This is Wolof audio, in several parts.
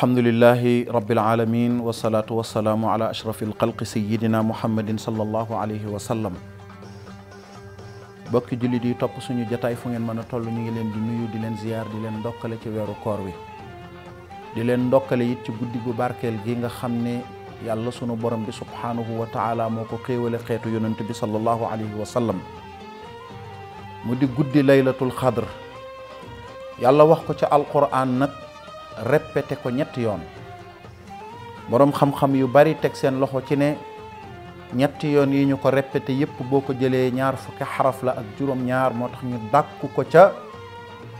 alhamdulilahi rabil aalamiin wasalaatu wasalaamu ala ashrafil xalqi sayyidina muhammadin sallallahu alayhi wa sallam jullit yi topp suñu jataay fu ngeen mën a toll ñu ngi leen di nuyu di leen ziyaar di leen ndokkale ci weeru koor wi leen ndokkale it ci guddi gu barkeel gi nga xam ne yàlla sunu borom bi subhaanahu wa taala moo xeetu yonent bi sallallahu alayhi wa sallam mu di guddi laylatul xadr yàlla wax ko ci alquran nag répété ko ñetti yoon boroom xam-xam yu bari teg seen loxo ci ne ñetti yoon yi ñu ko répété yépp boo ko jëlee ñaar fukki xaraf la ak juróom-ñaar moo tax ñu dàkku ko ca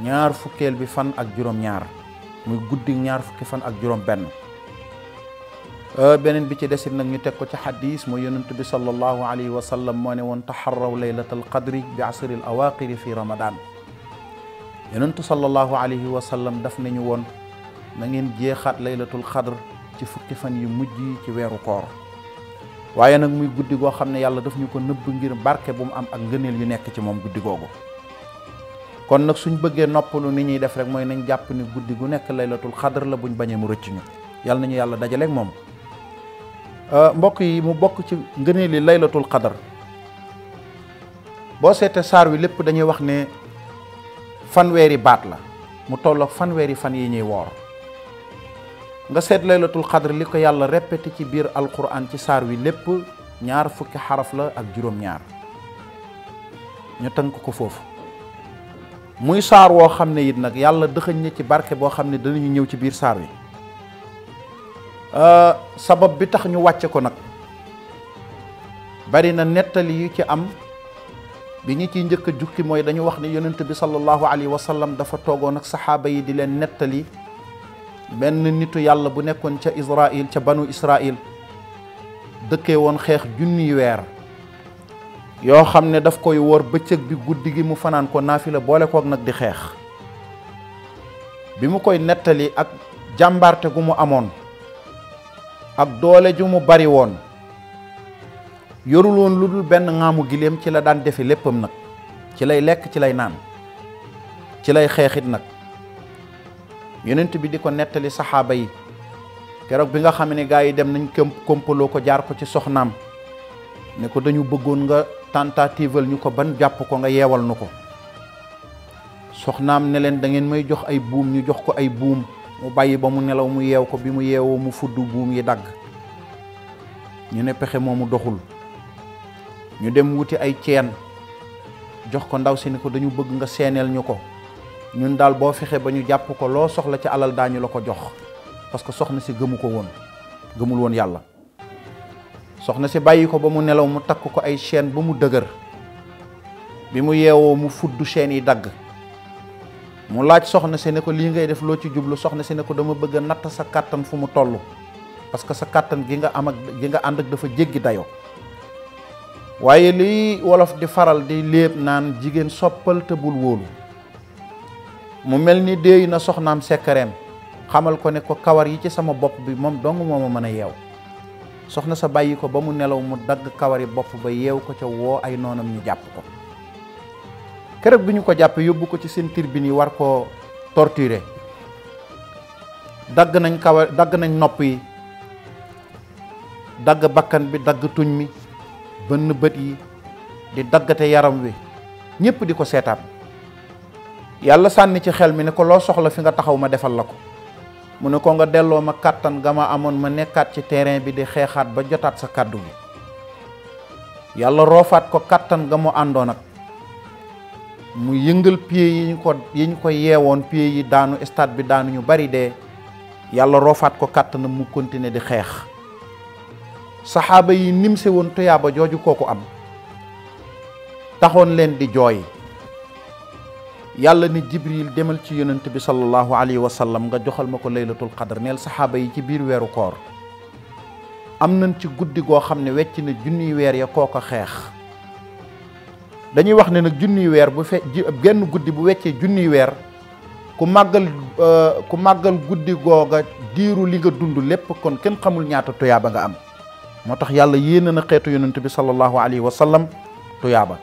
ñaar fukkeel bi fan ak juróom-ñaar muy guddi ñaar fukki fan ak juróom-benn euh, beneen bi ci desit nag ñu teg ko ci xadiis mooy yonent bi sallallahu alayhi wa sallam moo ne woon taxarraw laylatal qadri bi asril awaqiri fi ramadan yonentu sallallahu alayhi wa sallam daf nañu woon na ngeen jeexaat laylatul xadr ci fukki fan yu mujj yi ci weeru koor waaye nag muy guddi goo xam ne yàlla daf ñu ko nëbb ngir barke bu mu am ak ngëneel yu nekk ci moom guddi googu kon nag suñ bëggee noppalu ni ñuy def rek mooy nañ jàpp ni guddi gu nekk laylatul xadr la buñ bañee mu rëcc ñu yàlla nañu yàlla dajaleeg moom euh, mbokk yi mu bokk ci ngëneel yi laylatul xadr boo seetee saar wi lépp dañuy wax ne fanweeri baat la mu toll fanweeri fan yi ñuy woor nga seet laylatul xadr li ko yàlla répété ci biir alquran ci saar wi lépp ñaar fukki xaraf la ak juróom-ñaar ñu tënk ko foofu muy saar woo xam ne it nag yàlla dëxëñ na ci barke boo xam ne danañu ñëw ci biir saar wi euh, sabab bi tax ñu wàcce ko nag bari na nettali yu ci am bi ñu ciy njëkk jukki mooy dañu wax ne yonent bi sallallahu alayhi wa sallam dafa toogoon ak saxaaba yi di leen nettali benn nitu yàlla bu nekkoon ca Israil ca banu Israil dëkkee woon xeex junniy weer yoo xam ne daf koy wóor bëccëg bi guddi gi mu fanaan ko naafila boole koog nag di xeex bi mu koy nettali ak jàmbarte gu mu amoon ak doole ju mu bari woon yorul woon lu dul benn ŋaamu giléem ci la daan defe léppam nag ci lay lekk ci lay naan ci lay xeexit nag yonent bi di ko nettali saxaaba yi keroog bi nga xam ni gaa yi dem nañ këmp kompaloo ko jaar ko ci soxnaam ne ko dañu bëggoon nga tàntatival ñu ko ban jàpp ko nga yeewal nu ko soxnaam ne leen da ngeen may jox ay buum ñu jox ko ay buum mu bàyyi ba mu nelaw mu yeew ko bi mu yeewoo mu fudd buum yi dagg ñu ne pexe mu doxul ñu dem wuti ay ceen jox ko ndaw si ne ko dañu bëgg nga seeneel ñu ko ñun daal boo fexe ba ñu jàpp ko loo soxla ci alal daañu la ko jox parce que soxna si gëmu ko woon gëmul woon yàlla soxna si bàyyi ko ba mu nelaw mu takk ko ay chaîne ba mu dëgër bi mu yeewoo mu fudd chaîne yi dagg mu laaj soxna si ne ko lii ngay def loo ci jublu soxna si ne ko dama bëgg natt sa kàttan fu mu toll parce que sa kàttan gi nga am ak gi nga ànd ak dafa jéggi dayoo waaye lii wolof di faral di léeb naan jigéen soppal te bul wóolu mu mel ni déey na soxnaam sekkareem xamal ko ne ko kawar yi ci sama bopp bi moom dong moo ma mën a yeew soxna sa bàyyi ko ba mu nelaw mu dagg kawari bopp ba yeew ko ca woo ay noonam ñu jàpp ko keroog bi ñu ko jàppee yóbbu ko ci seen tribune yi war koo torturer dagg nañ kawar dagg nañ nopp yi dagg bakkan bi dagg tuñ mi bënn bët yi di daggate yaram wi ñépp di ko seetaan yàlla sànni ci xel mi ne ko loo soxla fi nga taxaw ma defal la ko mu ne ko nga delloo ma kàttan ga ma amoon ma nekkaat ci terrain bi di xeexaat ba jotaat sa kàddu gi yàlla roofaat ko kàttan ga mu àndoon ak mu yëngal pieds yi ñu ko yi ko yeewoon pieds yi daanu stade bi daanu ñu bari dee yàlla roofaat ko kàttanam mu continuer di xeex saxaaba yi nimse woon tuyaaba jooju kooku am taxoon leen di jooy yàlla ne jibril demal ci yonent bi sallallahu alayhi wa sallam nga joxal ma ko laylatul xadar neel saxaaba yi ci biir weeru koor am nañ ci guddi goo xam ne wecc na junniy weer ya ko xeex dañuy wax ne nag junniy weer bu fe genn guddi bu weccee junniy weer ku màggal euh, ku màggal guddi googa diiru li nga dund lépp kon kenn xamul ñaata tuyaaba nga am moo tax yàlla yéene na xeetu yonent bi sallallahu alayhi wa sallam tuyaaba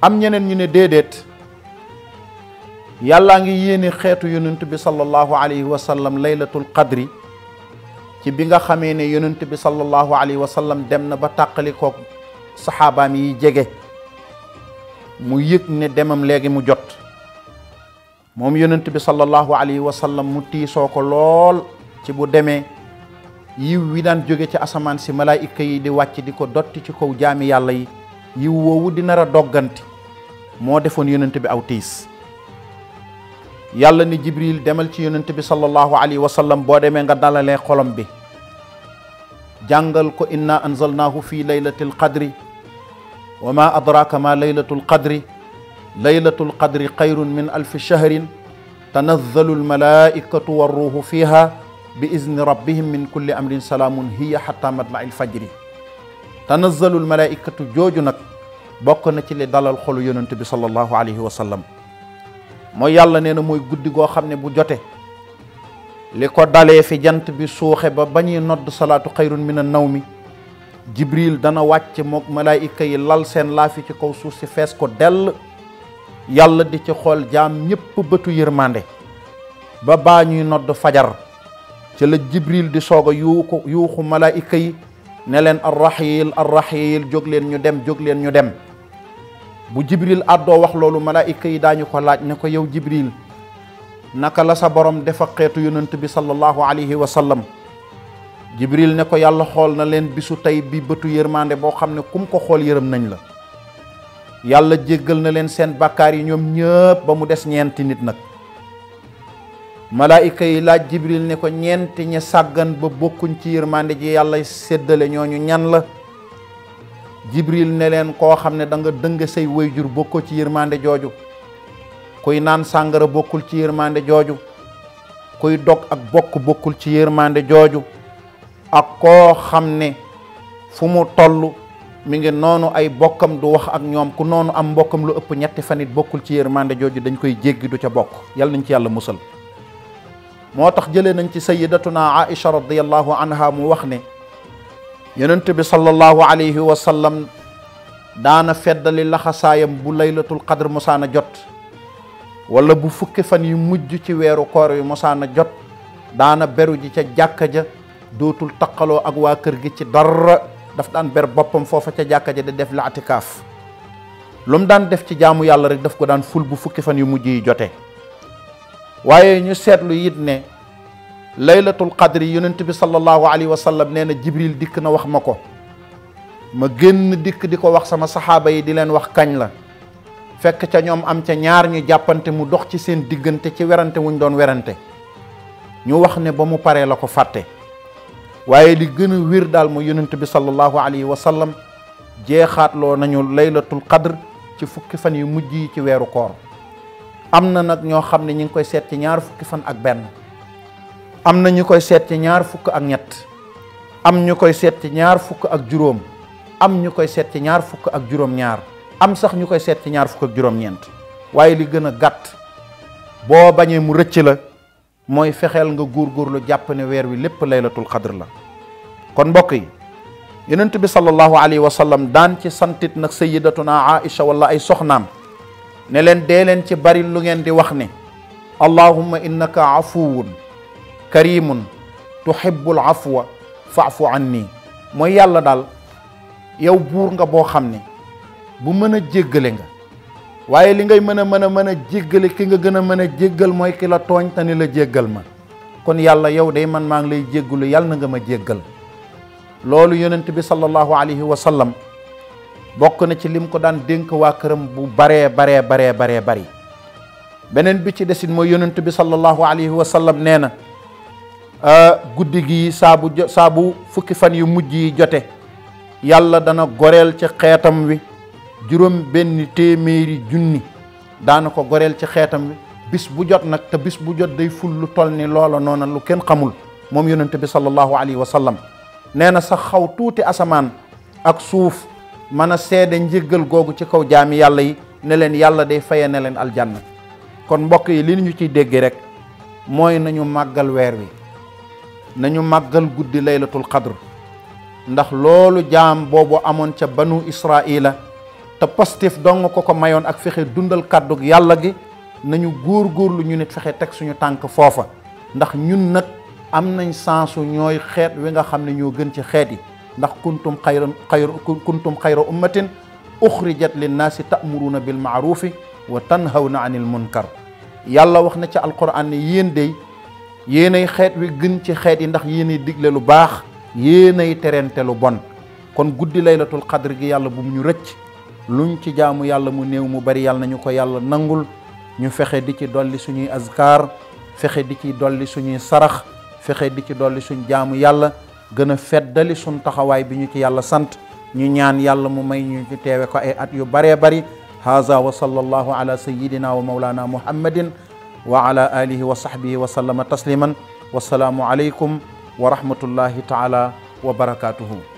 am ñeneen ñu ne déedéet yàllaa ngi yéene xeetu yonent bi sallallahu alayhi wa sallam laylatul qadri ci bi nga xamee ne yonent bi sallallahu alayhi wa sallam dem na ba ko saxaabaam yi jege mu yég ne demam léegi mu jot moom yonent bi sallallahu alayhi wa sallam mu tiisoo ko lool ci bu demee yiw wi daan jóge ci asamaan si malaayika yi di wàcc di ko dotti ci kaw jaami yàlla yi yiw woowu di nar a dogganti moo defoon yonent bi aw tiis yàlla ni jibril demal ci yonent bi sallallahu alayhi wa sallam boo demee nga dalalee xolom bi jàngal ko inna anzalnaahu fi laylatil qadri wa ma adraka ma laylatul qadri laylatul qadri xayrun min alfi shahrin tanazzalu almalaikatu warruuhu fiha bi izni rabbihim min kulli amrin salaamun hiya xata matla'il fajri tanazzalu almalaikatu jooju nag bokk na ci li dalal xolu yonent bi sallallahu alayhi wa sallam mooy yàlla nee na mooy guddi goo xam ne bu jote li ko dalee fi jant bi suuxe ba ba ñuy nodd salaatu mi mina naw mi jibril dana wàcc mook malaayika yi lal seen laafi ci kaw suuf si fees ko dell yàlla di ci xool jaam ñépp bëtu yërmande ba baa ñuy nodd fajar ci la jibril di soog a yuuxu yuuxu malaayika yi ne leen arrahil arrahil jóg leen ñu dem jóg leen ñu dem bu jibril àddoo wax loolu malaayika yi daañu ko laaj ne ko yow jibril naka la sa borom defa xeetu yonent bi sallallahu alayhi wa sallam jibril ne ko yàlla xool na leen bisu tey bi bëtu yërmande boo xam ne kum ko xool yërëm nañ la yàlla jéggal na leen seen bàkkaar yi ñoom ñëpp ba mu des ñeenti nit nag malaayika yi laaj jibril ne ko ñeenti ña sàggan ba bokkuñ ci yërmande ji yàlla séddale ñooñu ñan la jibril ne leen koo xam ne danga nga dëng say wayjur bokkoo ci yërmande jooju kuy naan sàngara bokkul ci yërmande jooju kuy dog ak bokk bokkul ci yërmande jooju ak koo xam ne fu mu toll mi ngi noonu ay bokkam du wax ak ñoom ku noonu am mbokkam lu ëpp ñetti fanit bokkul ci yërmande jooju dañ koy jéggi du ca bokk yàlla nañ ci yàlla musal moo tax jële nañ ci sayyidatuna Aïcha radiyallahu anha mu wax ne yonent bi sallallahu alayhi wa sallam daana feddali laxasaayam bu laylatul qadr mosaana jot wala bu fukki fan yu mujj ci weeru koor wi mosaana jot daana beru ji ca jàkka ja dootul taqaloo ak waa kër gi ci dara daf daan ber boppam foofa ca jàkka ja de def la atikaaf lu daan def ci jaamu yàlla rek daf ko daan ful bu fukki fan yu mujj yi jote waaye ñu seetlu it ne laylatul qadri yonent bi sallallahu alayhi wa sallam nee na jibril dikk na wax ma ko ma génn dikk di ko wax sama saxaaba yi di leen wax kañ la fekk ca ñoom am ca ñaar ñu jàppante mu dox ci seen diggante ci werante wuñ doon werante ñu wax ne ba mu paree la ko fàtte waaye li gën wér daal mooy yonent bi sallallahu alayhi wa sallam jeexaatloo nañu laylatul qadr ci fukki fan yi mujj yi ci weeru koor am na nag ñoo xam ne ñu ngi koy seet ci ñaar fukki fan ak benn am na ñu koy seet ci ñaar fukk ak ñett am ñu koy seet ci ñaar fukk ak juróom am ñu koy seet ci ñaar fukk ak juróom-ñaar am sax ñu koy seet ci ñaar fukk ak juróom-ñeent waaye li gën a gàtt boo bañee mu rëcc la mooy fexeel nga lu jàpp ne weer wi lépp laylatul xadr la kon mbokk yi yonent bi sallallahu alayhi wa daan ci santit nag sayidatuna aïcha wala ay soxnaam ne leen dee leen ci bari lu ngeen di wax ne allahumma innaka afuwun karimun tuhibbul afwa faafu anni mooy yàlla daal yow buur nga boo xam ne bu mën a jéggale nga waaye li ngay mën a mën a mën a jéggale ki nga gën a mën a jéggal mooy ki la ni la jéggal ma kon yàlla yow day man maa ngi lay jéggalu yàlla na nga ma jéggal loolu yonent bi sallallahu alayhi wa sallam bokk na ci lim ko daan dénk waa këram bu baree baree baree baree bari beneen bi ci desit mooy yonent bi sallallahu alayhi wa nee na Euh, guddi gi saabu saabu fukki fan yu mujj yi jote yàlla dana goreel ci xeetam wi juróom benn téeméeri junni daana ko goreel ci xeetam wi bis bu jot nag te bis bu jot day ful lu toll ni loola noona lu kenn xamul moom yonente bi sallallahu alayhi wa nee na sax xaw tuuti asamaan ak suuf mën a seede njëggal googu ci kaw jaami yàlla yi ne leen yàlla day faye ne leen aljanna kon mbokk yi li ñu ciy dégg rek mooy nañu màggal weer wi nañu màggal guddi laylatul qadr ndax loolu jaam boobu amoon ca banu israila te positif dong ko ko mayoon ak fexe dundal kàddug yàlla gi nañu góor góorlu ñu nit fexe teg suñu tànk foofa ndax ñun nag am nañ sansu ñooy xeet wi nga xam ne ñoo gën ci xeet yi ndax kuntum xayra xayra kuntum xayra ummatin uxrijat linnaasi ta'muruuna bil maarufi wa tanhawna anil munkar yàlla wax na ca alquran ne yéen dey yéenay xeet wi gën ci xeet yi ndax yéenay digle lu baax yéenay terente lu bon kon guddi laylatul xadr gi yàlla bu mu ñu rëcc luñ ci jaamu yàlla mu néew mu bari yàlla nañu ko yàlla nangul ñu fexe di ci dolli suñuy azkar fexe di ci dolli suñuy sarax fexe di ci dolli suñ jaamu yàlla gën a feddali suñ taxawaay bi ñu ci yàlla sant ñu ñaan yàlla mu may ñu ci teewe ko ay at yu baree bari haza wa sallallahu ala sayyidina wa maulana muhammadin wa ala alihi wa sahbihi wa sallama tasliman wasalaamu aleykum wa rahmatullahi taala wa barakatuhu